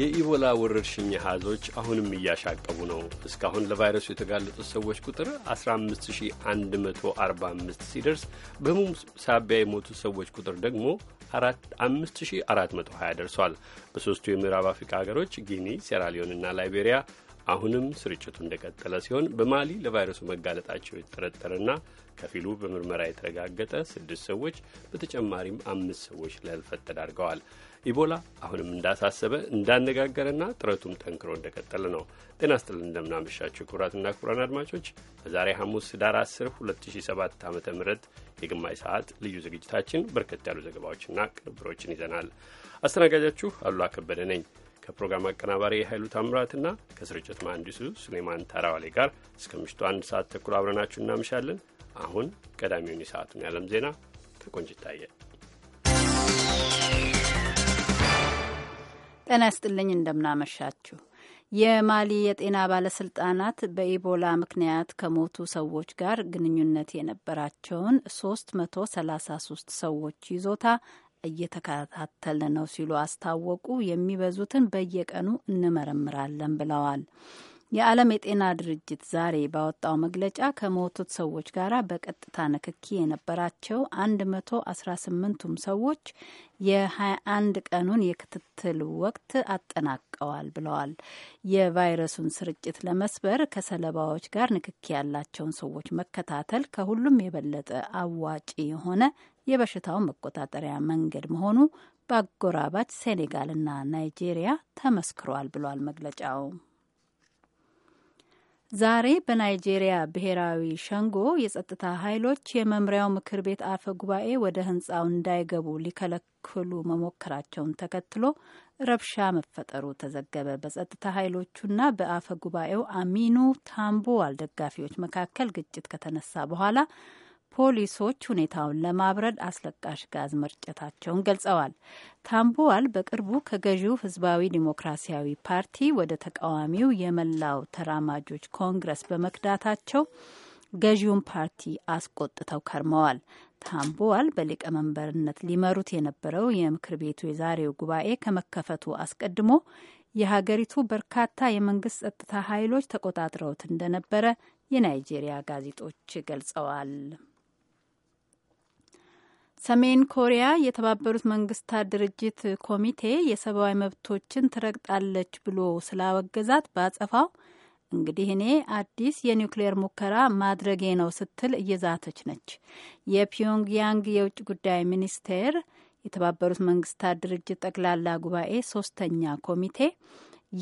የኢቦላ ወረርሽኝ አሃዞች አሁንም እያሻቀቡ ነው። እስካሁን ለቫይረሱ የተጋለጡት ሰዎች ቁጥር 15145 ሲደርስ በህሙም ሳቢያ የሞቱ ሰዎች ቁጥር ደግሞ 5420 ደርሷል። በሦስቱ የምዕራብ አፍሪካ ሀገሮች ጊኒ፣ ሴራሊዮን እና ላይቤሪያ አሁንም ስርጭቱ እንደቀጠለ ሲሆን በማሊ ለቫይረሱ መጋለጣቸው የተጠረጠረና ከፊሉ በምርመራ የተረጋገጠ ስድስት ሰዎች በተጨማሪም አምስት ሰዎች ለህልፈት ተዳርገዋል። ኢቦላ አሁንም እንዳሳሰበ እንዳነጋገረና ጥረቱም ጠንክሮ እንደቀጠለ ነው። ጤና ስጥልን እንደምናመሻችሁ ክቡራትና ክቡራን አድማጮች በዛሬ ሐሙስ ህዳር 10 2007 ዓ ም የግማሽ ሰዓት ልዩ ዝግጅታችን በርከት ያሉ ዘገባዎችና ቅንብሮችን ይዘናል። አስተናጋጃችሁ አሉላ ከበደ ነኝ። ከፕሮግራም አቀናባሪ የኃይሉ ታምራትና ከስርጭት መሐንዲሱ ሱሌማን ተራዋሌ ጋር እስከ ምሽቱ አንድ ሰዓት ተኩል አብረናችሁ እናምሻለን። አሁን ቀዳሚውን የሰዓቱን የዓለም ዜና ከቆንጅ ይታያል። ጤና ይስጥልኝ፣ እንደምናመሻችሁ። የማሊ የጤና ባለስልጣናት በኢቦላ ምክንያት ከሞቱ ሰዎች ጋር ግንኙነት የነበራቸውን 333 ሰዎች ይዞታ እየተከታተልን ነው ሲሉ አስታወቁ። የሚበዙትን በየቀኑ እንመረምራለን ብለዋል። የዓለም የጤና ድርጅት ዛሬ ባወጣው መግለጫ ከሞቱት ሰዎች ጋር በቀጥታ ንክኪ የነበራቸው 118ቱም ሰዎች የ21 ቀኑን የክትትል ወቅት አጠናቀዋል ብለዋል። የቫይረሱን ስርጭት ለመስበር ከሰለባዎች ጋር ንክኪ ያላቸውን ሰዎች መከታተል ከሁሉም የበለጠ አዋጪ የሆነ የበሽታው መቆጣጠሪያ መንገድ መሆኑ በአጎራባች ሴኔጋልና ናይጄሪያ ተመስክሯል ብሏል መግለጫው። ዛሬ በናይጄሪያ ብሔራዊ ሸንጎ የጸጥታ ኃይሎች የመምሪያው ምክር ቤት አፈ ጉባኤ ወደ ህንፃው እንዳይገቡ ሊከለክሉ መሞከራቸውን ተከትሎ ረብሻ መፈጠሩ ተዘገበ። በጸጥታ ኃይሎቹና በአፈ ጉባኤው አሚኑ ታምቦዋል ደጋፊዎች መካከል ግጭት ከተነሳ በኋላ ፖሊሶች ሁኔታውን ለማብረድ አስለቃሽ ጋዝ መርጨታቸውን ገልጸዋል። ታምቦዋል በቅርቡ ከገዢው ህዝባዊ ዲሞክራሲያዊ ፓርቲ ወደ ተቃዋሚው የመላው ተራማጆች ኮንግረስ በመክዳታቸው ገዢውን ፓርቲ አስቆጥተው ከርመዋል። ታምቦዋል በሊቀመንበርነት ሊመሩት የነበረው የምክር ቤቱ የዛሬው ጉባኤ ከመከፈቱ አስቀድሞ የሀገሪቱ በርካታ የመንግስት ጸጥታ ኃይሎች ተቆጣጥረውት እንደነበረ የናይጄሪያ ጋዜጦች ገልጸዋል። ሰሜን ኮሪያ የተባበሩት መንግስታት ድርጅት ኮሚቴ የሰብአዊ መብቶችን ትረግጣለች ብሎ ስላወገዛት ባጸፋው እንግዲህ እኔ አዲስ የኒውክሌር ሙከራ ማድረጌ ነው ስትል እየዛተች ነች። የፒዮንግያንግ የውጭ ጉዳይ ሚኒስቴር የተባበሩት መንግስታት ድርጅት ጠቅላላ ጉባኤ ሶስተኛ ኮሚቴ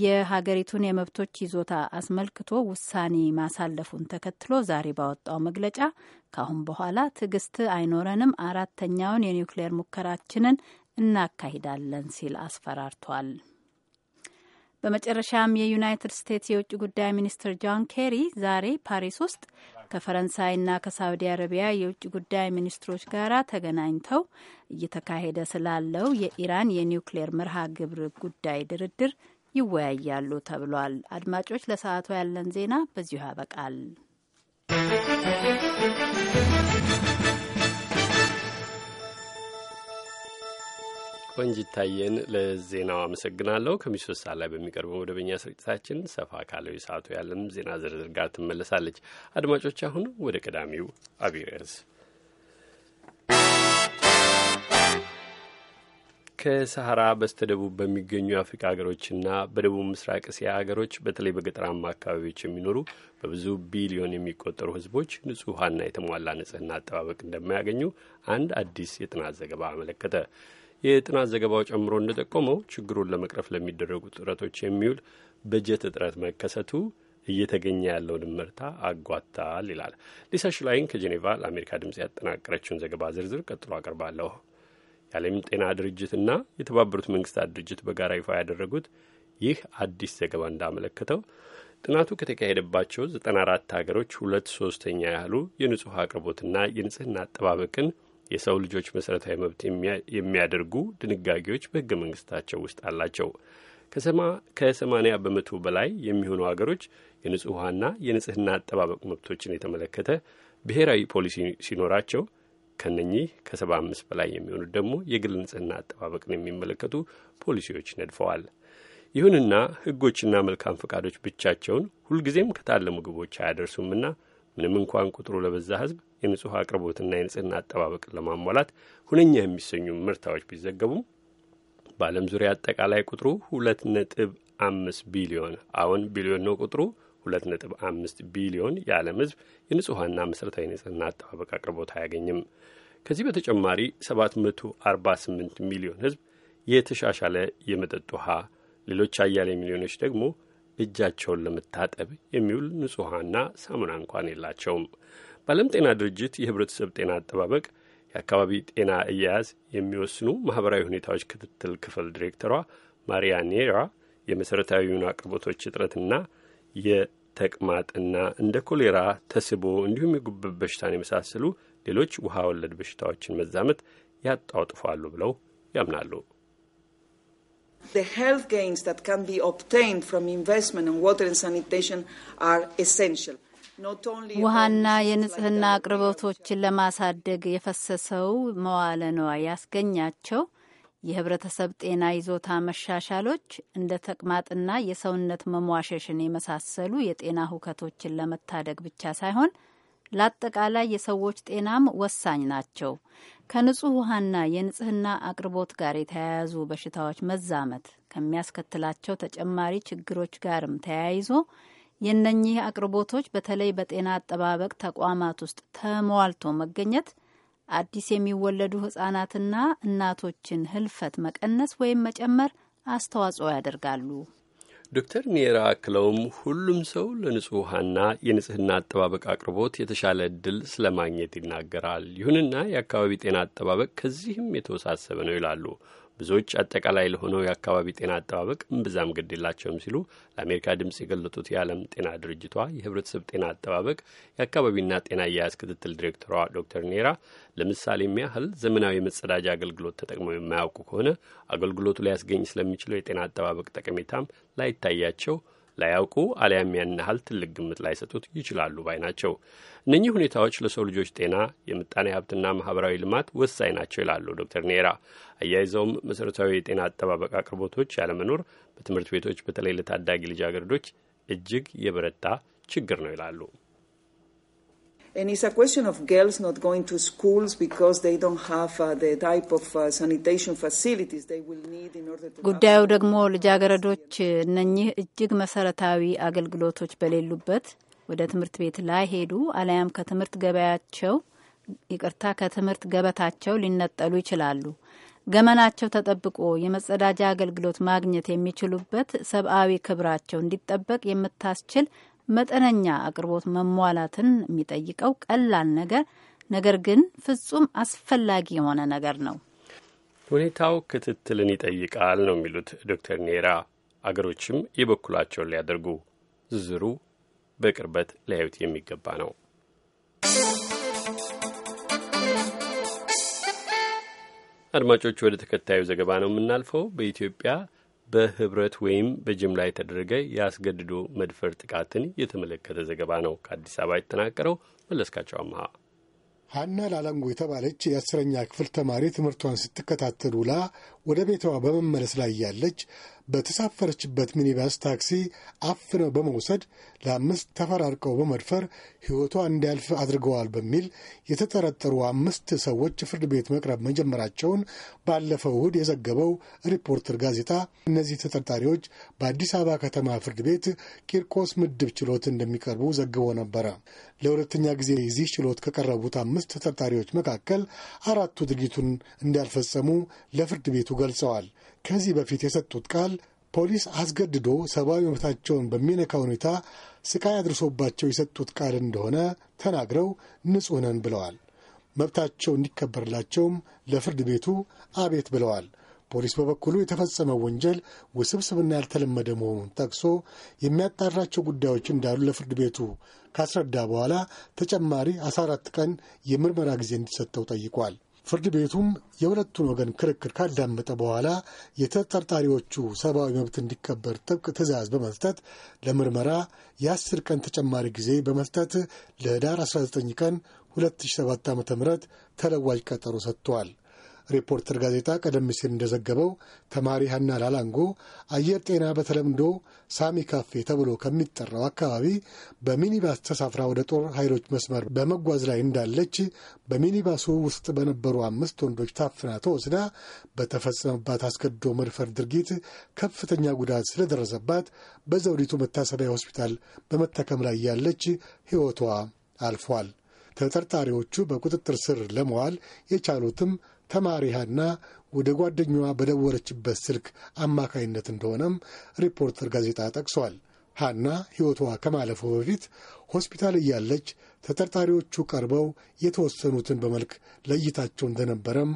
የሀገሪቱን የመብቶች ይዞታ አስመልክቶ ውሳኔ ማሳለፉን ተከትሎ ዛሬ ባወጣው መግለጫ ከአሁን በኋላ ትዕግስት አይኖረንም፣ አራተኛውን የኒውክሌር ሙከራችንን እናካሂዳለን ሲል አስፈራርቷል። በመጨረሻም የዩናይትድ ስቴትስ የውጭ ጉዳይ ሚኒስትር ጆን ኬሪ ዛሬ ፓሪስ ውስጥ ከፈረንሳይና ከሳውዲ አረቢያ የውጭ ጉዳይ ሚኒስትሮች ጋር ተገናኝተው እየተካሄደ ስላለው የኢራን የኒውክሌር መርሃ ግብር ጉዳይ ድርድር ይወያያሉ ተብሏል። አድማጮች፣ ለሰዓቱ ያለን ዜና በዚሁ ያበቃል። ቆንጅታየን ለዜናው አመሰግናለሁ። ከምሽቱ ሶስት ሰዓት ላይ በሚቀርበው መደበኛ ስርጭታችን ሰፋ ካለው የሰዓቱ ያለም ዜና ዝርዝር ጋር ትመለሳለች። አድማጮች አሁን ወደ ቀዳሚው አብይ ርዕስ ከሰሐራ በስተደቡብ በሚገኙ የአፍሪካ ሀገሮችና በደቡብ ምስራቅ እስያ ሀገሮች በተለይ በገጠራማ አካባቢዎች የሚኖሩ በብዙ ቢሊዮን የሚቆጠሩ ሕዝቦች ንጹህ ውሃና የተሟላ ንጽህና አጠባበቅ እንደማያገኙ አንድ አዲስ የጥናት ዘገባ አመለከተ። የጥናት ዘገባው ጨምሮ እንደጠቆመው ችግሩን ለመቅረፍ ለሚደረጉ ጥረቶች የሚውል በጀት እጥረት መከሰቱ እየተገኘ ያለውን ምርታ አጓታል ይላል። ሊሳ ሽላይን ከጄኔቫ ለአሜሪካ ድምፅ ያጠናቀረችውን ዘገባ ዝርዝር ቀጥሎ አቅርባለሁ። የዓለም ጤና ድርጅትና የተባበሩት መንግስታት ድርጅት በጋራ ይፋ ያደረጉት ይህ አዲስ ዘገባ እንዳመለከተው ጥናቱ ከተካሄደባቸው 94 ሀገሮች ሁለት ሶስተኛ ያህሉ የንጹሕ አቅርቦትና የንጽህና አጠባበቅን የሰው ልጆች መሠረታዊ መብት የሚያደርጉ ድንጋጌዎች በሕገ መንግስታቸው ውስጥ አላቸው። ከሰማንያ በመቶ በላይ የሚሆኑ ሀገሮች የንጹሕ ውሃና የንጽህና አጠባበቅ መብቶችን የተመለከተ ብሔራዊ ፖሊሲ ሲኖራቸው ከነኚህ ከሰባ አምስት በላይ የሚሆኑት ደግሞ የግል ንጽህና አጠባበቅን የሚመለከቱ ፖሊሲዎች ነድፈዋል። ይሁንና ህጎችና መልካም ፈቃዶች ብቻቸውን ሁልጊዜም ከታለሙ ግቦች አያደርሱምና ምንም እንኳን ቁጥሩ ለበዛ ህዝብ የንጹሕ አቅርቦትና የንጽህና አጠባበቅን ለማሟላት ሁነኛ የሚሰኙ ምርታዎች ቢዘገቡም በዓለም ዙሪያ አጠቃላይ ቁጥሩ ሁለት ነጥብ አምስት ቢሊዮን አሁን ቢሊዮን ነው ቁጥሩ 2.5 ቢሊዮን የዓለም ሕዝብ የንጹሕና መሠረታዊ ንጽህና አጠባበቅ አቅርቦት አያገኝም። ከዚህ በተጨማሪ 748 ሚሊዮን ሕዝብ የተሻሻለ የመጠጥ ውሃ፣ ሌሎች አያሌ ሚሊዮኖች ደግሞ እጃቸውን ለመታጠብ የሚውል ንጹሕ ውሃና ሳሙና እንኳን የላቸውም። በዓለም ጤና ድርጅት የህብረተሰብ ጤና አጠባበቅ የአካባቢ ጤና አያያዝ የሚወስኑ ማህበራዊ ሁኔታዎች ክትትል ክፍል ዲሬክተሯ ማሪያ ኔራ የመሠረታዊውን አቅርቦቶች እጥረትና የተቅማጥና እንደ ኮሌራ ተስቦ እንዲሁም የጉበት በሽታን የመሳሰሉ ሌሎች ውሃ ወለድ በሽታዎችን መዛመት ያጣውጥፋሉ ብለው ያምናሉ። ውሃና የንጽህና አቅርቦቶችን ለማሳደግ የፈሰሰው መዋለ ንዋይ ያስገኛቸው የህብረተሰብ ጤና ይዞታ መሻሻሎች እንደ ተቅማጥና የሰውነት መሟሸሽን የመሳሰሉ የጤና ሁከቶችን ለመታደግ ብቻ ሳይሆን ለአጠቃላይ የሰዎች ጤናም ወሳኝ ናቸው። ከንጹህ ውሃና የንጽህና አቅርቦት ጋር የተያያዙ በሽታዎች መዛመት ከሚያስከትላቸው ተጨማሪ ችግሮች ጋርም ተያይዞ የእነኚህ አቅርቦቶች በተለይ በጤና አጠባበቅ ተቋማት ውስጥ ተሟልቶ መገኘት አዲስ የሚወለዱ ህጻናትና እናቶችን ህልፈት መቀነስ ወይም መጨመር አስተዋጽኦ ያደርጋሉ። ዶክተር ኒራ አክለውም ሁሉም ሰው ለንጹህ ውሃና የንጽህና አጠባበቅ አቅርቦት የተሻለ እድል ስለ ማግኘት ይናገራል። ይሁንና የአካባቢ ጤና አጠባበቅ ከዚህም የተወሳሰበ ነው ይላሉ። ብዙዎች አጠቃላይ ለሆነው የአካባቢ ጤና አጠባበቅ እምብዛም ግድ የላቸውም ሲሉ ለአሜሪካ ድምፅ የገለጡት የዓለም ጤና ድርጅቷ የህብረተሰብ ጤና አጠባበቅ የአካባቢና ጤና አያያዝ ክትትል ዲሬክተሯ ዶክተር ኔራ ለምሳሌም ያህል ዘመናዊ መጸዳጃ አገልግሎት ተጠቅመው የማያውቁ ከሆነ አገልግሎቱ ሊያስገኝ ስለሚችለው የጤና አጠባበቅ ጠቀሜታም ላይታያቸው ላያውቁ አሊያም ያን ያህል ትልቅ ግምት ላይሰጡት ይችላሉ ባይ ናቸው። እነኚህ ሁኔታዎች ለሰው ልጆች ጤና፣ የምጣኔ ሀብትና ማህበራዊ ልማት ወሳኝ ናቸው ይላሉ ዶክተር ኔራ። አያይዘውም መሠረታዊ የጤና አጠባበቅ አቅርቦቶች ያለመኖር በትምህርት ቤቶች በተለይ ለታዳጊ ልጃገረዶች እጅግ የበረታ ችግር ነው ይላሉ። And it's a question of girls not going to schools because they don't have uh, the type of uh, sanitation facilities they will need in order to ጉዳዩ ደግሞ ልጃገረዶች እነኚህ እጅግ መሰረታዊ አገልግሎቶች በሌሉበት ወደ ትምህርት ቤት ላይ ሄዱ አለያም ከትምህርት ገበያቸው ይቅርታ ከትምህርት ገበታቸው ሊነጠሉ ይችላሉ። ገመናቸው ተጠብቆ የመጸዳጃ አገልግሎት ማግኘት የሚችሉበት ሰብአዊ ክብራቸው እንዲጠበቅ የምታስችል መጠነኛ አቅርቦት መሟላትን የሚጠይቀው ቀላል ነገር ነገር ግን ፍጹም አስፈላጊ የሆነ ነገር ነው። ሁኔታው ክትትልን ይጠይቃል ነው የሚሉት ዶክተር ኔራ። አገሮችም የበኩላቸውን ሊያደርጉ ዝርዝሩ በቅርበት ሊያዩት የሚገባ ነው። አድማጮች ወደ ተከታዩ ዘገባ ነው የምናልፈው። በኢትዮጵያ በህብረት ወይም በጅምላ የተደረገ የአስገድዶ መድፈር ጥቃትን የተመለከተ ዘገባ ነው ከአዲስ አበባ የተጠናቀረው። መለስካቸው አመሃ ሀና ላላንጎ የተባለች የአስረኛ ክፍል ተማሪ ትምህርቷን ስትከታተል ውላ ወደ ቤቷ በመመለስ ላይ ያለች በተሳፈረችበት ሚኒባስ ታክሲ አፍነው በመውሰድ ለአምስት ተፈራርቀው በመድፈር ሕይወቷ እንዲያልፍ አድርገዋል በሚል የተጠረጠሩ አምስት ሰዎች ፍርድ ቤት መቅረብ መጀመራቸውን ባለፈው እሁድ የዘገበው ሪፖርተር ጋዜጣ እነዚህ ተጠርጣሪዎች በአዲስ አበባ ከተማ ፍርድ ቤት ቂርቆስ ምድብ ችሎት እንደሚቀርቡ ዘግቦ ነበረ። ለሁለተኛ ጊዜ እዚህ ችሎት ከቀረቡት አምስት ተጠርጣሪዎች መካከል አራቱ ድርጊቱን እንዳልፈጸሙ ለፍርድ ቤቱ ገልጸዋል። ከዚህ በፊት የሰጡት ቃል ፖሊስ አስገድዶ ሰብአዊ መብታቸውን በሚነካ ሁኔታ ስቃይ አድርሶባቸው የሰጡት ቃል እንደሆነ ተናግረው ንጹሕ ነን ብለዋል። መብታቸው እንዲከበርላቸውም ለፍርድ ቤቱ አቤት ብለዋል። ፖሊስ በበኩሉ የተፈጸመው ወንጀል ውስብስብና ያልተለመደ መሆኑን ጠቅሶ የሚያጣራቸው ጉዳዮች እንዳሉ ለፍርድ ቤቱ ካስረዳ በኋላ ተጨማሪ 14 ቀን የምርመራ ጊዜ እንዲሰጠው ጠይቋል። ፍርድ ቤቱም የሁለቱን ወገን ክርክር ካዳመጠ በኋላ የተጠርጣሪዎቹ ሰብአዊ መብት እንዲከበር ጥብቅ ትዕዛዝ በመስጠት ለምርመራ የአስር ቀን ተጨማሪ ጊዜ በመስጠት ለኅዳር 19 ቀን 2007 ዓ ም ተለዋጅ ቀጠሮ ሰጥቷል። ሪፖርተር ጋዜጣ ቀደም ሲል እንደዘገበው ተማሪ ሀና ላላንጎ አየር ጤና በተለምዶ ሳሚ ካፌ ተብሎ ከሚጠራው አካባቢ በሚኒባስ ተሳፍራ ወደ ጦር ኃይሎች መስመር በመጓዝ ላይ እንዳለች በሚኒባሱ ውስጥ በነበሩ አምስት ወንዶች ታፍና ተወስዳ በተፈጸመባት አስገድዶ መድፈር ድርጊት ከፍተኛ ጉዳት ስለደረሰባት በዘውዲቱ መታሰቢያ ሆስፒታል በመታከም ላይ ያለች ሕይወቷ አልፏል። ተጠርጣሪዎቹ በቁጥጥር ስር ለመዋል የቻሉትም ተማሪ ሃና ወደ ጓደኛዋ በደወለችበት ስልክ አማካይነት እንደሆነም ሪፖርተር ጋዜጣ ጠቅሷል። ሃና ሕይወቷ ከማለፉ በፊት ሆስፒታል እያለች ተጠርጣሪዎቹ ቀርበው የተወሰኑትን በመልክ ለይታቸው እንደነበረም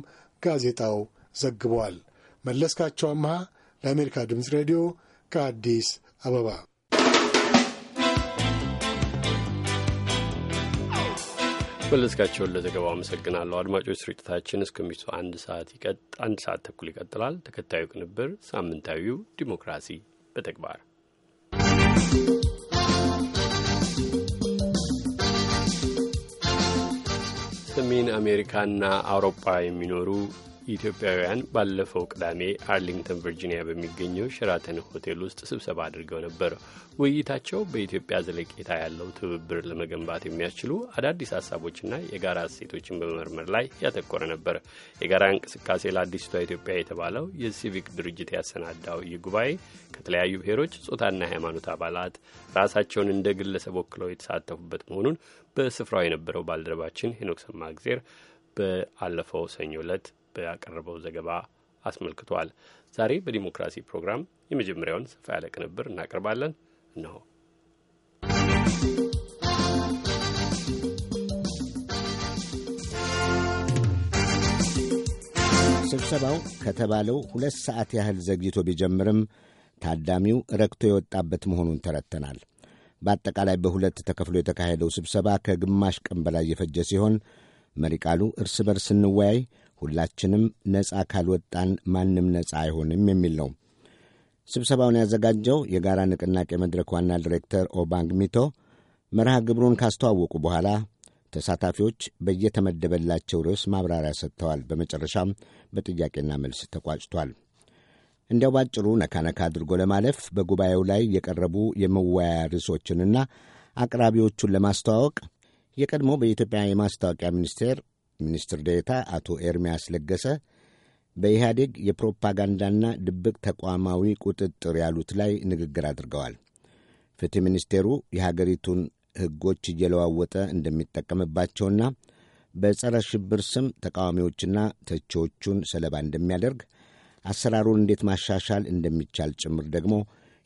ጋዜጣው ዘግቧል። መለስካቸው አምሃ ለአሜሪካ ድምፅ ሬዲዮ ከአዲስ አበባ መለስካቸውን ለዘገባው አመሰግናለሁ። አድማጮች ስርጭታችን እስከ ምሽቱ አንድ ሰዓት አንድ ሰዓት ተኩል ይቀጥላል። ተከታዩ ቅንብር ሳምንታዊው ዲሞክራሲ በተግባር ሰሜን አሜሪካና አውሮፓ የሚኖሩ ኢትዮጵያውያን ባለፈው ቅዳሜ አርሊንግተን ቨርጂኒያ በሚገኘው ሸራተን ሆቴል ውስጥ ስብሰባ አድርገው ነበር። ውይይታቸው በኢትዮጵያ ዘለቄታ ያለው ትብብር ለመገንባት የሚያስችሉ አዳዲስ ሀሳቦችና የጋራ እሴቶችን በመመርመር ላይ ያተኮረ ነበር። የጋራ እንቅስቃሴ ለአዲስቷ ኢትዮጵያ የተባለው የሲቪክ ድርጅት ያሰናዳው ይህ ጉባኤ ከተለያዩ ብሔሮች፣ ጾታና ሃይማኖት አባላት ራሳቸውን እንደ ግለሰብ ወክለው የተሳተፉበት መሆኑን በስፍራው የነበረው ባልደረባችን ሄኖክ ሰማእግዜር በአለፈው ሰኞ ዕለት ያቀረበው ዘገባ አስመልክቷል። ዛሬ በዲሞክራሲ ፕሮግራም የመጀመሪያውን ሰፋ ያለ ቅንብር እናቀርባለን። እነሆ ስብሰባው ከተባለው ሁለት ሰዓት ያህል ዘግይቶ ቢጀምርም ታዳሚው ረክቶ የወጣበት መሆኑን ተረተናል። በአጠቃላይ በሁለት ተከፍሎ የተካሄደው ስብሰባ ከግማሽ ቀን በላይ የፈጀ ሲሆን መሪ ቃሉ እርስ በርስ እንወያይ፣ ሁላችንም ነጻ ካልወጣን ማንም ነጻ አይሆንም የሚል ነው። ስብሰባውን ያዘጋጀው የጋራ ንቅናቄ መድረክ ዋና ዲሬክተር ኦባንግ ሚቶ መርሃ ግብሩን ካስተዋወቁ በኋላ ተሳታፊዎች በየተመደበላቸው ርዕስ ማብራሪያ ሰጥተዋል። በመጨረሻም በጥያቄና መልስ ተቋጭቷል። እንዲያው ባጭሩ ነካነካ አድርጎ ለማለፍ በጉባኤው ላይ የቀረቡ የመወያያ ርዕሶችንና አቅራቢዎቹን ለማስተዋወቅ የቀድሞ በኢትዮጵያ የማስታወቂያ ሚኒስቴር ሚኒስትር ዴታ አቶ ኤርሚያስ ለገሰ በኢህአዴግ የፕሮፓጋንዳና ድብቅ ተቋማዊ ቁጥጥር ያሉት ላይ ንግግር አድርገዋል። ፍትሕ ሚኒስቴሩ የሀገሪቱን ሕጎች እየለዋወጠ እንደሚጠቀምባቸውና በጸረ ሽብር ስም ተቃዋሚዎችና ተቺዎቹን ሰለባ እንደሚያደርግ አሰራሩን እንዴት ማሻሻል እንደሚቻል ጭምር ደግሞ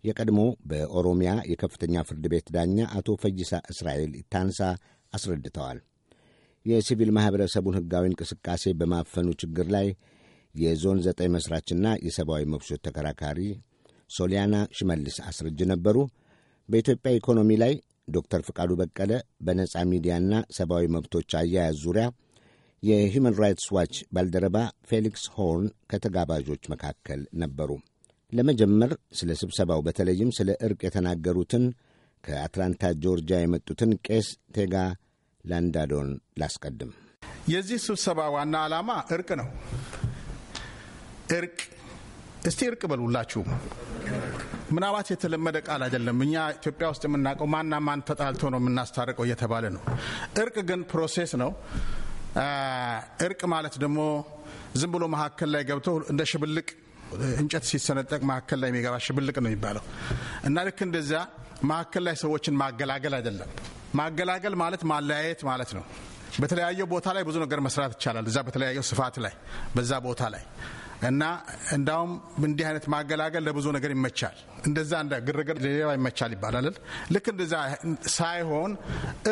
የቀድሞ በኦሮሚያ የከፍተኛ ፍርድ ቤት ዳኛ አቶ ፈይሳ እስራኤል ታንሳ አስረድተዋል። የሲቪል ማኅበረሰቡን ሕጋዊ እንቅስቃሴ በማፈኑ ችግር ላይ የዞን ዘጠኝ መሥራችና የሰብአዊ መብቶች ተከራካሪ ሶሊያና ሽመልስ አስርጅ ነበሩ። በኢትዮጵያ ኢኮኖሚ ላይ ዶክተር ፍቃዱ በቀለ በነጻ ሚዲያና ሰብአዊ መብቶች አያያዝ ዙሪያ የሂዩማን ራይትስ ዋች ባልደረባ ፌሊክስ ሆርን ከተጋባዦች መካከል ነበሩ። ለመጀመር ስለ ስብሰባው በተለይም ስለ ዕርቅ የተናገሩትን ከአትላንታ ጆርጂያ የመጡትን ቄስ ቴጋ ለአንዳዶን ላስቀድም። የዚህ ስብሰባ ዋና ዓላማ እርቅ ነው። እርቅ እስቲ እርቅ በሉላችሁ። ምናልባት የተለመደ ቃል አይደለም። እኛ ኢትዮጵያ ውስጥ የምናውቀው ማና ማን ተጣልቶ ነው የምናስታርቀው እየተባለ ነው። እርቅ ግን ፕሮሴስ ነው። እርቅ ማለት ደግሞ ዝም ብሎ መካከል ላይ ገብቶ እንደ ሽብልቅ እንጨት ሲሰነጠቅ መካከል ላይ የሚገባ ሽብልቅ ነው የሚባለው እና ልክ እንደዚያ መካከል ላይ ሰዎችን ማገላገል አይደለም። ማገላገል ማለት ማለያየት ማለት ነው። በተለያየ ቦታ ላይ ብዙ ነገር መስራት ይቻላል። እዛ በተለያየው ስፋት ላይ በዛ ቦታ ላይ እና እንዳውም እንዲህ አይነት ማገላገል ለብዙ ነገር ይመቻል። እንደዛ እንደ ግርግር ሌላ ይመቻል ይባላል። ልክ እንደዛ ሳይሆን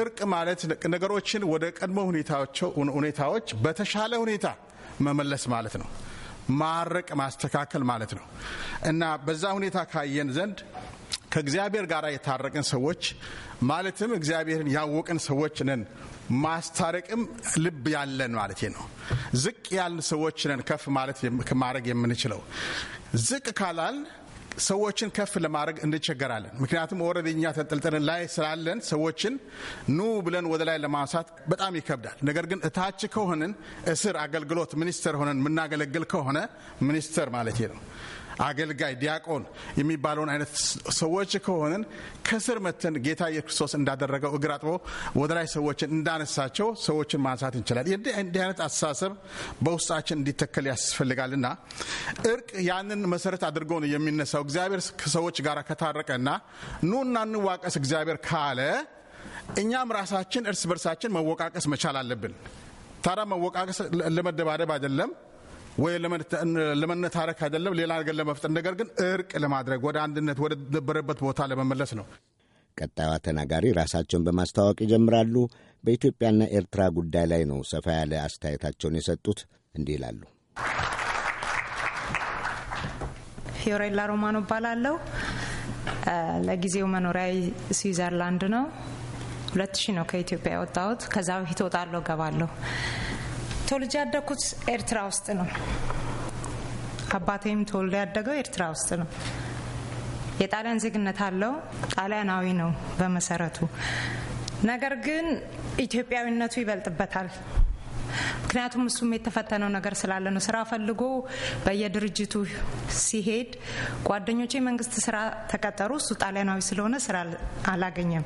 እርቅ ማለት ነገሮችን ወደ ቀድሞ ሁኔታዎች በተሻለ ሁኔታ መመለስ ማለት ነው። ማረቅ ማስተካከል ማለት ነው እና በዛ ሁኔታ ካየን ዘንድ ከእግዚአብሔር ጋር የታረቅን ሰዎች ማለትም እግዚአብሔርን ያወቅን ሰዎች ነን። ማስታረቅም ልብ ያለን ማለት ነው። ዝቅ ያልን ሰዎች ነን። ከፍ ማለት ማድረግ የምንችለው ዝቅ ካላል ሰዎችን ከፍ ለማድረግ እንቸገራለን። ምክንያቱም ወረደኛ ተንጠልጥለን ላይ ስላለን ሰዎችን ኑ ብለን ወደ ላይ ለማንሳት በጣም ይከብዳል። ነገር ግን እታች ከሆንን እስር አገልግሎት ሚኒስተር ሆነን የምናገለግል ከሆነ ሚኒስተር ማለት ነው አገልጋይ፣ ዲያቆን የሚባለውን አይነት ሰዎች ከሆንን ከስር መተን ጌታ ኢየሱስ ክርስቶስ እንዳደረገው እግር አጥቦ ወደ ላይ ሰዎችን እንዳነሳቸው ሰዎችን ማንሳት እንችላለን። እንዲህ አይነት አስተሳሰብ በውስጣችን እንዲተከል ያስፈልጋልና እርቅ ያንን መሰረት አድርጎ ነው የሚነሳው። እግዚአብሔር ከሰዎች ጋር ከታረቀና ኑና እንዋቀስ እግዚአብሔር ካለ እኛም ራሳችን እርስ በርሳችን መወቃቀስ መቻል አለብን። ታዲያ መወቃቀስ ለመደባደብ አይደለም። ወይ ለመነታረክ አይደለም ሌላ ነገር ለመፍጠር ነገር ግን እርቅ ለማድረግ ወደ አንድነት ወደ ነበረበት ቦታ ለመመለስ ነው። ቀጣዩዋ ተናጋሪ ራሳቸውን በማስተዋወቅ ይጀምራሉ። በኢትዮጵያና ኤርትራ ጉዳይ ላይ ነው ሰፋ ያለ አስተያየታቸውን የሰጡት። እንዲህ ይላሉ። ፊዮሬላ ሮማኖ እባላለሁ። ለጊዜው መኖሪያዊ ስዊዘርላንድ ነው። ሁለት ሺህ ነው ከኢትዮጵያ የወጣሁት። ከዛ በፊት ወጣለሁ ገባለሁ ተወልጄ ያደግኩት ኤርትራ ውስጥ ነው። አባቴም ተወልዶ ያደገው ኤርትራ ውስጥ ነው። የጣሊያን ዜግነት አለው። ጣሊያናዊ ነው በመሰረቱ። ነገር ግን ኢትዮጵያዊነቱ ይበልጥበታል። ምክንያቱም እሱም የተፈተነው ነገር ስላለ ነው። ስራ ፈልጎ በየድርጅቱ ሲሄድ ጓደኞቼ መንግስት ስራ ተቀጠሩ። እሱ ጣሊያናዊ ስለሆነ ስራ አላገኘም።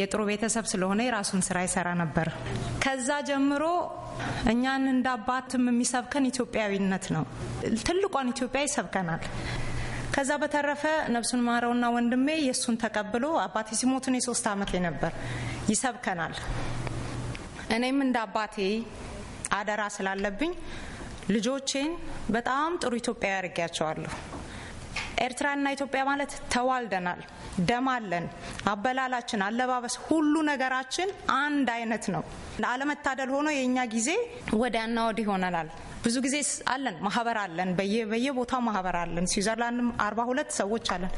የጥሩ ቤተሰብ ስለሆነ የራሱን ስራ ይሰራ ነበር። ከዛ ጀምሮ እኛን እንደ አባትም የሚሰብከን ኢትዮጵያዊነት ነው። ትልቋን ኢትዮጵያ ይሰብከናል። ከዛ በተረፈ ነፍሱን ማረውና ወንድሜ የእሱን ተቀብሎ አባቴ ሲሞትን የሶስት ዓመቴ ነበር ይሰብከናል። እኔም እንደ አባቴ አደራ ስላለብኝ ልጆቼን በጣም ጥሩ ኢትዮጵያ አድርጌያቸዋለሁ። ኤርትራና ኢትዮጵያ ማለት ተዋልደናል፣ ደም አለን፣ አበላላችን፣ አለባበስ፣ ሁሉ ነገራችን አንድ አይነት ነው። አለመታደል ሆኖ የእኛ ጊዜ ወዲያና ወዲህ ሆነናል። ብዙ ጊዜ አለን፣ ማህበር አለን፣ በየቦታው ማህበር አለን። ስዊዘርላንድም አርባ ሁለት ሰዎች አለን።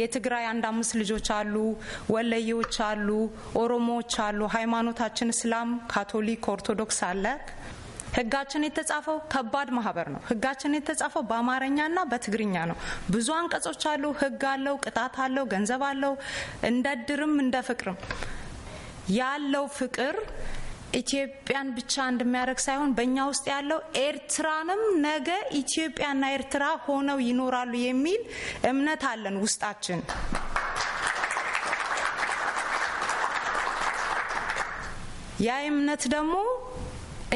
የትግራይ አንድ አምስት ልጆች አሉ፣ ወለየዎች አሉ፣ ኦሮሞዎች አሉ። ሃይማኖታችን እስላም፣ ካቶሊክ፣ ኦርቶዶክስ አለ። ህጋችን የተጻፈው ከባድ ማህበር ነው። ህጋችን የተጻፈው በአማርኛና በትግርኛ ነው። ብዙ አንቀጾች አሉ። ህግ አለው፣ ቅጣት አለው፣ ገንዘብ አለው። እንደ ድርም እንደ ፍቅርም ያለው ፍቅር ኢትዮጵያን ብቻ እንደሚያደርግ ሳይሆን በእኛ ውስጥ ያለው ኤርትራንም ነገ ኢትዮጵያና ኤርትራ ሆነው ይኖራሉ የሚል እምነት አለን ውስጣችን። ያ እምነት ደግሞ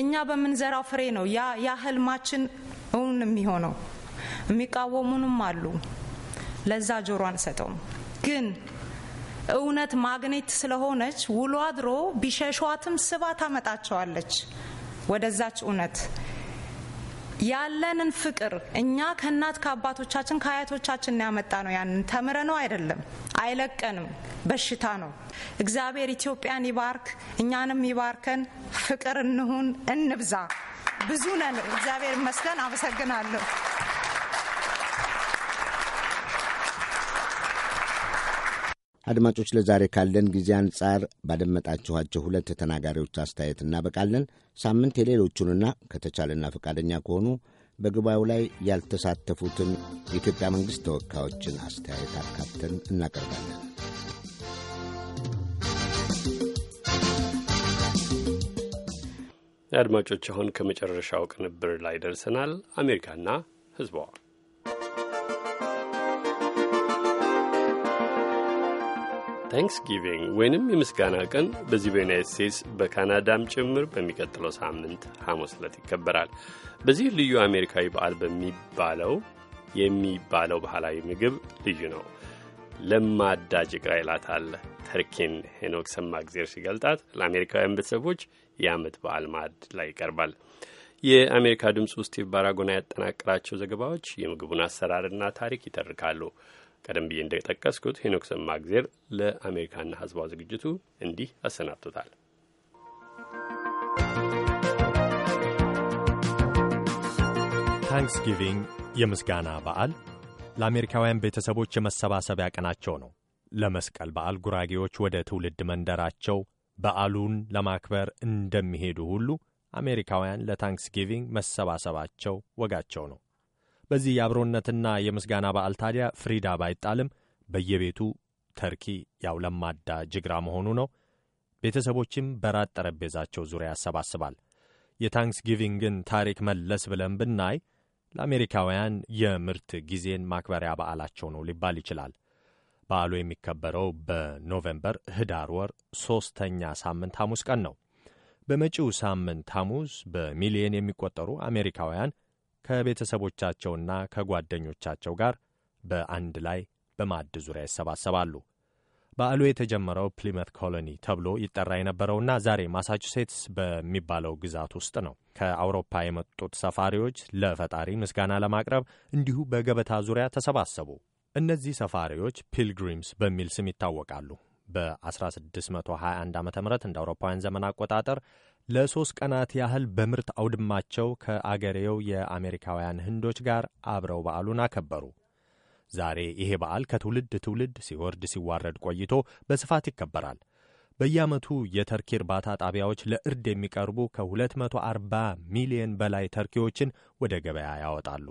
እኛ በምንዘራው ፍሬ ነው ያ ያ ህልማችን እውን የሚሆነው። የሚቃወሙንም አሉ። ለዛ ጆሮ አንሰጠውም። ግን እውነት ማግኔት ስለሆነች ውሎ አድሮ ቢሸሿትም ስባ ታመጣቸዋለች ወደዛች እውነት ያለንን ፍቅር እኛ ከእናት ከአባቶቻችን ከአያቶቻችን ያመጣ ነው። ያንን ተምረ ነው አይደለም፣ አይለቀንም። በሽታ ነው። እግዚአብሔር ኢትዮጵያን ይባርክ፣ እኛንም ይባርከን። ፍቅር እንሁን፣ እንብዛ። ብዙ ነን። እግዚአብሔር ይመስገን። አመሰግናለሁ። አድማጮች ለዛሬ ካለን ጊዜ አንጻር ባደመጣችኋቸው ሁለት ተናጋሪዎች አስተያየት እናበቃለን። ሳምንት የሌሎቹንና ከተቻለና ፈቃደኛ ከሆኑ በጉባኤው ላይ ያልተሳተፉትን የኢትዮጵያ መንግሥት ተወካዮችን አስተያየት አካተን እናቀርባለን። አድማጮች አሁን ከመጨረሻው ቅንብር ላይ ደርሰናል። አሜሪካና ሕዝቧ ታንክስጊቪንግ ወይንም የምስጋና ቀን በዚህ በዩናይት ስቴትስ በካናዳም ጭምር በሚቀጥለው ሳምንት ሐሙስ ዕለት ይከበራል። በዚህ ልዩ አሜሪካዊ በዓል በሚባለው የሚባለው ባህላዊ ምግብ ልዩ ነው። ለማዳ ጭቅራ ይላታል ተርኪን ሄኖክ ጊዜር ሲገልጣት ለአሜሪካውያን ቤተሰቦች የአመት በዓል ማዕድ ላይ ይቀርባል። የአሜሪካ ድምፅ ስቲቭ ባራጎና ያጠናቀራቸው ዘገባዎች የምግቡን አሰራርና ታሪክ ይተርካሉ። ቀደም ብዬ እንደጠቀስኩት ሄኖክ ሰማእግዜር ለአሜሪካና ህዝቧ ዝግጅቱ እንዲህ አሰናብቶታል። ታንክስጊቪንግ የምስጋና በዓል ለአሜሪካውያን ቤተሰቦች የመሰባሰቢያ ቀናቸው ነው። ለመስቀል በዓል ጉራጌዎች ወደ ትውልድ መንደራቸው በዓሉን ለማክበር እንደሚሄዱ ሁሉ አሜሪካውያን ለታንክስጊቪንግ መሰባሰባቸው ወጋቸው ነው። በዚህ የአብሮነትና የምስጋና በዓል ታዲያ ፍሪዳ ባይጣልም በየቤቱ ተርኪ ያው ለማዳ ጅግራ መሆኑ ነው። ቤተሰቦችም በራት ጠረጴዛቸው ዙሪያ ያሰባስባል። የታንክስ ጊቪንግን ታሪክ መለስ ብለን ብናይ ለአሜሪካውያን የምርት ጊዜን ማክበሪያ በዓላቸው ነው ሊባል ይችላል። በዓሉ የሚከበረው በኖቬምበር ህዳር ወር ሦስተኛ ሳምንት ሐሙስ ቀን ነው። በመጪው ሳምንት ሐሙስ በሚሊየን የሚቆጠሩ አሜሪካውያን ከቤተሰቦቻቸውና ከጓደኞቻቸው ጋር በአንድ ላይ በማዕድ ዙሪያ ይሰባሰባሉ። በዓሉ የተጀመረው ፕሊመት ኮሎኒ ተብሎ ይጠራ የነበረውና ዛሬ ማሳቹሴትስ በሚባለው ግዛት ውስጥ ነው። ከአውሮፓ የመጡት ሰፋሪዎች ለፈጣሪ ምስጋና ለማቅረብ እንዲሁ በገበታ ዙሪያ ተሰባሰቡ። እነዚህ ሰፋሪዎች ፒልግሪምስ በሚል ስም ይታወቃሉ። በ1621 ዓ ም እንደ አውሮፓውያን ዘመን አቆጣጠር ለሶስት ቀናት ያህል በምርት አውድማቸው ከአገሬው የአሜሪካውያን ህንዶች ጋር አብረው በዓሉን አከበሩ። ዛሬ ይሄ በዓል ከትውልድ ትውልድ ሲወርድ ሲዋረድ ቆይቶ በስፋት ይከበራል። በየዓመቱ የተርኪ እርባታ ጣቢያዎች ለእርድ የሚቀርቡ ከ240 ሚሊዮን በላይ ተርኪዎችን ወደ ገበያ ያወጣሉ።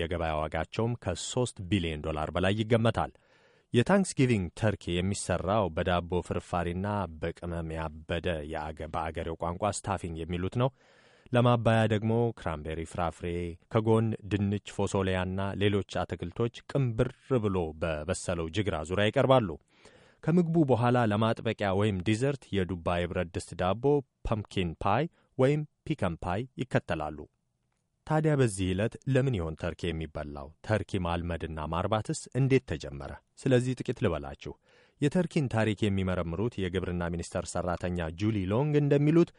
የገበያ ዋጋቸውም ከ3 ቢሊዮን ዶላር በላይ ይገመታል። የታንክስጊቪንግ ተርኪ የሚሰራው በዳቦ ፍርፋሪና በቅመም ያበደ በአገሬው ቋንቋ ስታፊንግ የሚሉት ነው። ለማባያ ደግሞ ክራምቤሪ ፍራፍሬ ከጎን ድንች፣ ፎሶሊያና ሌሎች አትክልቶች ቅንብር ብሎ በበሰለው ጅግራ ዙሪያ ይቀርባሉ። ከምግቡ በኋላ ለማጥበቂያ ወይም ዲዘርት የዱባ የብረት ድስት ዳቦ ፐምኪን ፓይ ወይም ፒከን ፓይ ይከተላሉ። ታዲያ በዚህ ዕለት ለምን ይሆን ተርኪ የሚበላው? ተርኪ ማልመድና ማርባትስ እንዴት ተጀመረ? ስለዚህ ጥቂት ልበላችሁ። የተርኪን ታሪክ የሚመረምሩት የግብርና ሚኒስቴር ሠራተኛ ጁሊ ሎንግ እንደሚሉት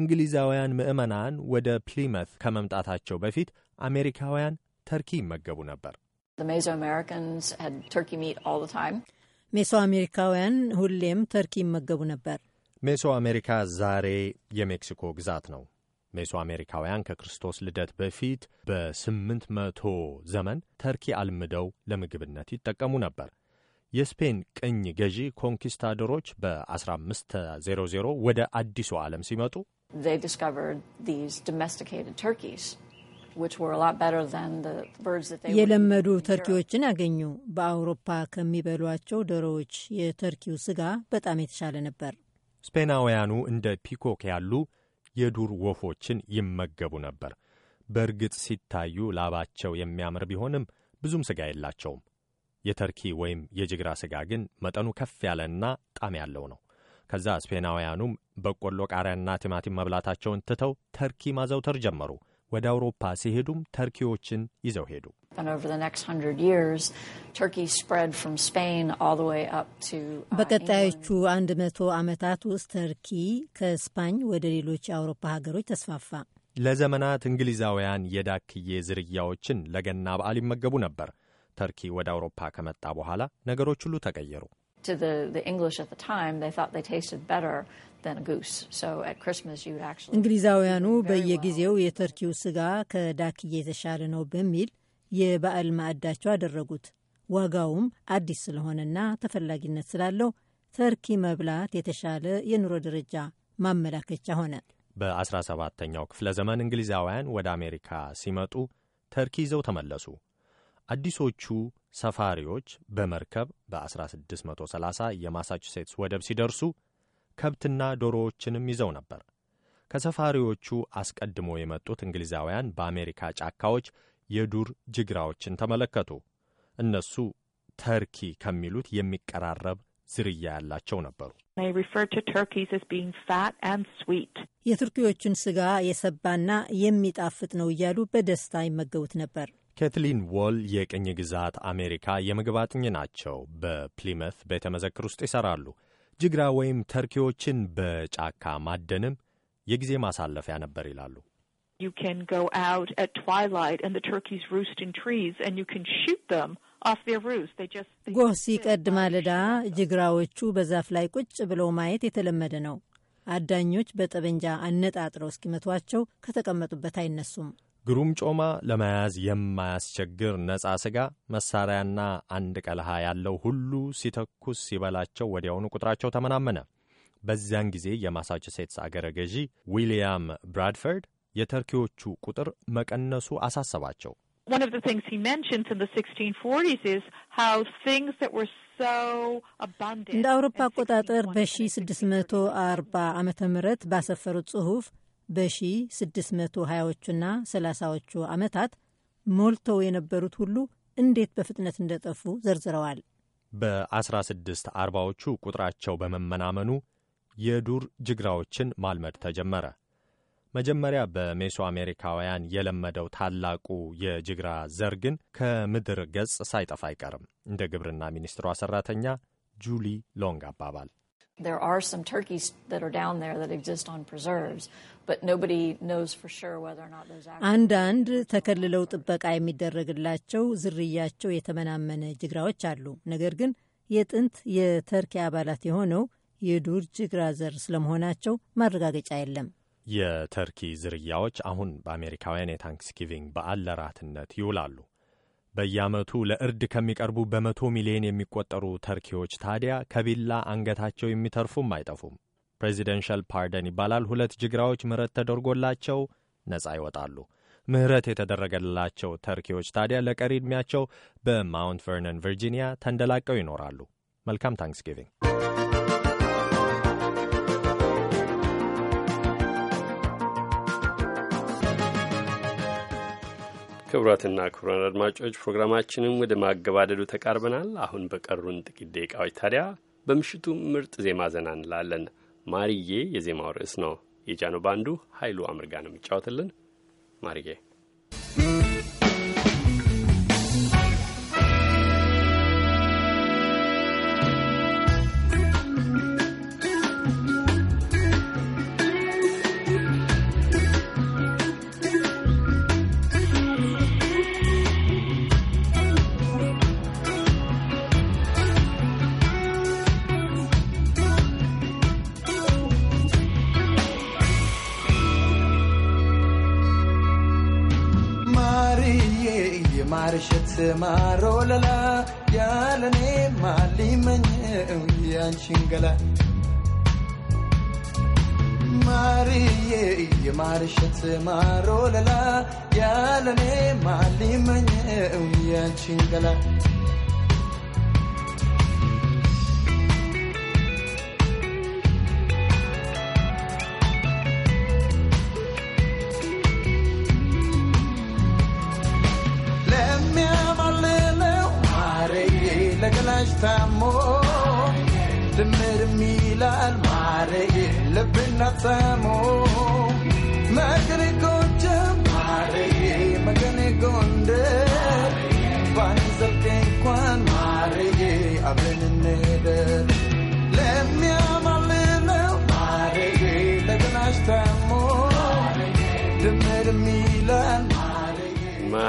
እንግሊዛውያን ምዕመናን ወደ ፕሊመት ከመምጣታቸው በፊት አሜሪካውያን ተርኪ ይመገቡ ነበር። ሜሶ አሜሪካውያን ሁሌም ተርኪ ይመገቡ ነበር። ሜሶ አሜሪካ ዛሬ የሜክሲኮ ግዛት ነው። ሜሶአሜሪካውያን ከክርስቶስ ልደት በፊት በስምንት መቶ ዘመን ተርኪ አልምደው ለምግብነት ይጠቀሙ ነበር። የስፔን ቅኝ ገዢ ኮንኪስታዶሮች በ1500 ወደ አዲሱ ዓለም ሲመጡ የለመዱ ተርኪዎችን አገኙ። በአውሮፓ ከሚበሏቸው ዶሮዎች የተርኪው ስጋ በጣም የተሻለ ነበር። ስፔናውያኑ እንደ ፒኮክ ያሉ የዱር ወፎችን ይመገቡ ነበር። በእርግጥ ሲታዩ ላባቸው የሚያምር ቢሆንም ብዙም ሥጋ የላቸውም። የተርኪ ወይም የጅግራ ሥጋ ግን መጠኑ ከፍ ያለና ጣዕም ያለው ነው። ከዛ ስፔናውያኑም በቆሎ፣ ቃሪያና ቲማቲም መብላታቸውን ትተው ተርኪ ማዘውተር ጀመሩ። ወደ አውሮፓ ሲሄዱም ተርኪዎችን ይዘው ሄዱ። uh, በቀጣዮቹ አንድ መቶ ዓመታት ውስጥ ተርኪ ከስፓኝ ወደ ሌሎች የአውሮፓ ሀገሮች ተስፋፋ። ለዘመናት እንግሊዛውያን የዳክዬ ዝርያዎችን ለገና በዓል ይመገቡ ነበር። ተርኪ ወደ አውሮፓ ከመጣ በኋላ ነገሮች ሁሉ ተቀየሩ። To the, the English at the time, they thought they tasted better than a goose. So at Christmas actually እንግሊዛውያኑ በየጊዜው የተርኪው ስጋ ከዳክዬ የተሻለ ነው በሚል የበዓል ማዕዳቸው አደረጉት። ዋጋውም አዲስ ስለሆነና ተፈላጊነት ስላለው ተርኪ መብላት የተሻለ የኑሮ ደረጃ ማመላከቻ ሆነ። በ17ኛው ክፍለ ዘመን እንግሊዛውያን ወደ አሜሪካ ሲመጡ ተርኪ ይዘው ተመለሱ። አዲሶቹ ሰፋሪዎች በመርከብ በ1630 የማሳቹሴትስ ወደብ ሲደርሱ ከብትና ዶሮዎችንም ይዘው ነበር። ከሰፋሪዎቹ አስቀድሞ የመጡት እንግሊዛውያን በአሜሪካ ጫካዎች የዱር ጅግራዎችን ተመለከቱ። እነሱ ተርኪ ከሚሉት የሚቀራረብ ዝርያ ያላቸው ነበሩ። የቱርኪዎቹን ስጋ የሰባና የሚጣፍጥ ነው እያሉ በደስታ ይመገቡት ነበር። ኬትሊን ዎል የቅኝ ግዛት አሜሪካ የምግብ አጥኚ ናቸው። በፕሊመት ቤተ መዘክር ውስጥ ይሠራሉ። ጅግራ ወይም ተርኪዎችን በጫካ ማደንም የጊዜ ማሳለፊያ ነበር ይላሉ። ጎህ ሲቀድ ማለዳ ጅግራዎቹ በዛፍ ላይ ቁጭ ብለው ማየት የተለመደ ነው። አዳኞች በጠበንጃ አነጣጥረው እስኪመቷቸው ከተቀመጡበት አይነሱም። ግሩም ጮማ ለመያዝ የማያስቸግር ነፃ ሥጋ መሣሪያና አንድ ቀልሃ ያለው ሁሉ ሲተኩስ ሲበላቸው ወዲያውኑ ቁጥራቸው ተመናመነ። በዚያን ጊዜ የማሳቹሴትስ አገረ ገዢ ዊልያም ብራድፈርድ የተርኪዎቹ ቁጥር መቀነሱ አሳሰባቸው። One of the things he mentions in the 1640s is how things that were so abundant እንደ አውሮፓ አቆጣጠር በ1640 ዓ ም ባሰፈሩት ጽሑፍ በ1620ዎቹና 30ዎቹ ዓመታት ሞልተው የነበሩት ሁሉ እንዴት በፍጥነት እንደጠፉ ዘርዝረዋል። በ1640ዎቹ ቁጥራቸው በመመናመኑ የዱር ጅግራዎችን ማልመድ ተጀመረ። መጀመሪያ በሜሶ አሜሪካውያን የለመደው ታላቁ የጅግራ ዘር ግን ከምድር ገጽ ሳይጠፋ አይቀርም እንደ ግብርና ሚኒስትሯ ሠራተኛ ጁሊ ሎንግ አባባል There are some turkeys that are down there that exist on preserves, but nobody knows for sure whether or not those አንዳንድ ተከልለው ጥበቃ የሚደረግላቸው ዝርያቸው የተመናመነ ጅግራዎች አሉ። ነገር ግን የጥንት የተርኪ አባላት የሆነው የዱር ጅግራ ዘር ስለመሆናቸው ማረጋገጫ የለም። የተርኪ ዝርያዎች አሁን በአሜሪካውያን የታንክስጊቪንግ በዓል ለራትነት ይውላሉ። በየዓመቱ ለእርድ ከሚቀርቡ በመቶ ሚሊዮን የሚቆጠሩ ተርኪዎች ታዲያ ከቢላ አንገታቸው የሚተርፉም አይጠፉም። ፕሬዚደንሻል ፓርደን ይባላል። ሁለት ጅግራዎች ምህረት ተደርጎላቸው ነጻ ይወጣሉ። ምህረት የተደረገላቸው ተርኪዎች ታዲያ ለቀሪ ዕድሜያቸው በማውንት ቨርነን ቨርጂኒያ ተንደላቀው ይኖራሉ። መልካም ታንክስጊቪንግ። ክቡራትና ክቡራን አድማጮች ፕሮግራማችንን ወደ ማገባደዱ ተቃርበናል። አሁን በቀሩን ጥቂት ደቂቃዎች ታዲያ በምሽቱ ምርጥ ዜማ ዘና እንላለን። ማርዬ የዜማው ርዕስ ነው። የጃኖ ባንዱ ኃይሉ አምርጋ ነው የሚጫወትልን ማርዬ ስማሮለላ ያለኔ ማሊመኘው ያንቺን ገላ ማርዬ የማርሸት ማሮለላ ያለኔ ማሊመኘው ያንቺን ገላ ነሽ ታሞ ድምር ሚላል ማሬ ልብና ሰሞ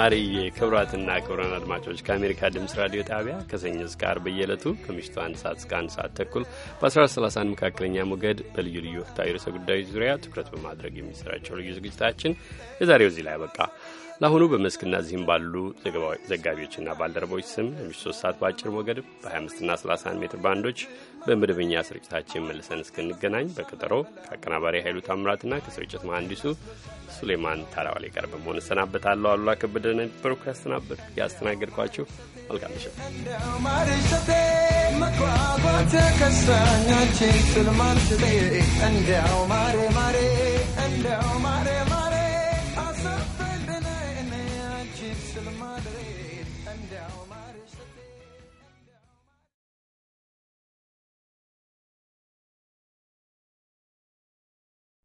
ዛሬ የክብራትና ክብረን አድማጮች ከአሜሪካ ድምፅ ራዲዮ ጣቢያ ከሰኞ እስከ አርብ በየዕለቱ ከምሽቱ አንድ ሰዓት እስከ አንድ ሰዓት ተኩል በ1431 መካከለኛ ሞገድ በልዩ ልዩ ወቅታዊ ርዕሰ ጉዳዮች ዙሪያ ትኩረት በማድረግ የሚሰራቸው ልዩ ዝግጅታችን የዛሬው እዚህ ላይ አበቃ። ለአሁኑ በመስክና እዚህም ባሉ ዘጋቢዎችና ባልደረቦች ስም ምሽት 3 ሰዓት በአጭር ሞገድ በ25ና 31 ሜትር ባንዶች በመደበኛ ስርጭታችን መልሰን እስክንገናኝ በቀጠሮ ከአቀናባሪ ኃይሉ ታምራትና ከስርጭት መሐንዲሱ ሱሌማን ታራዋሌ ጋር በመሆን እሰናበታለሁ። አሉላ ከበደ ነበርኩ ያስተናበድ ያስተናገድኳችሁ። መልካም ምሽት። መጓጓት ማሬ ማሬ እንዲያው ማሬ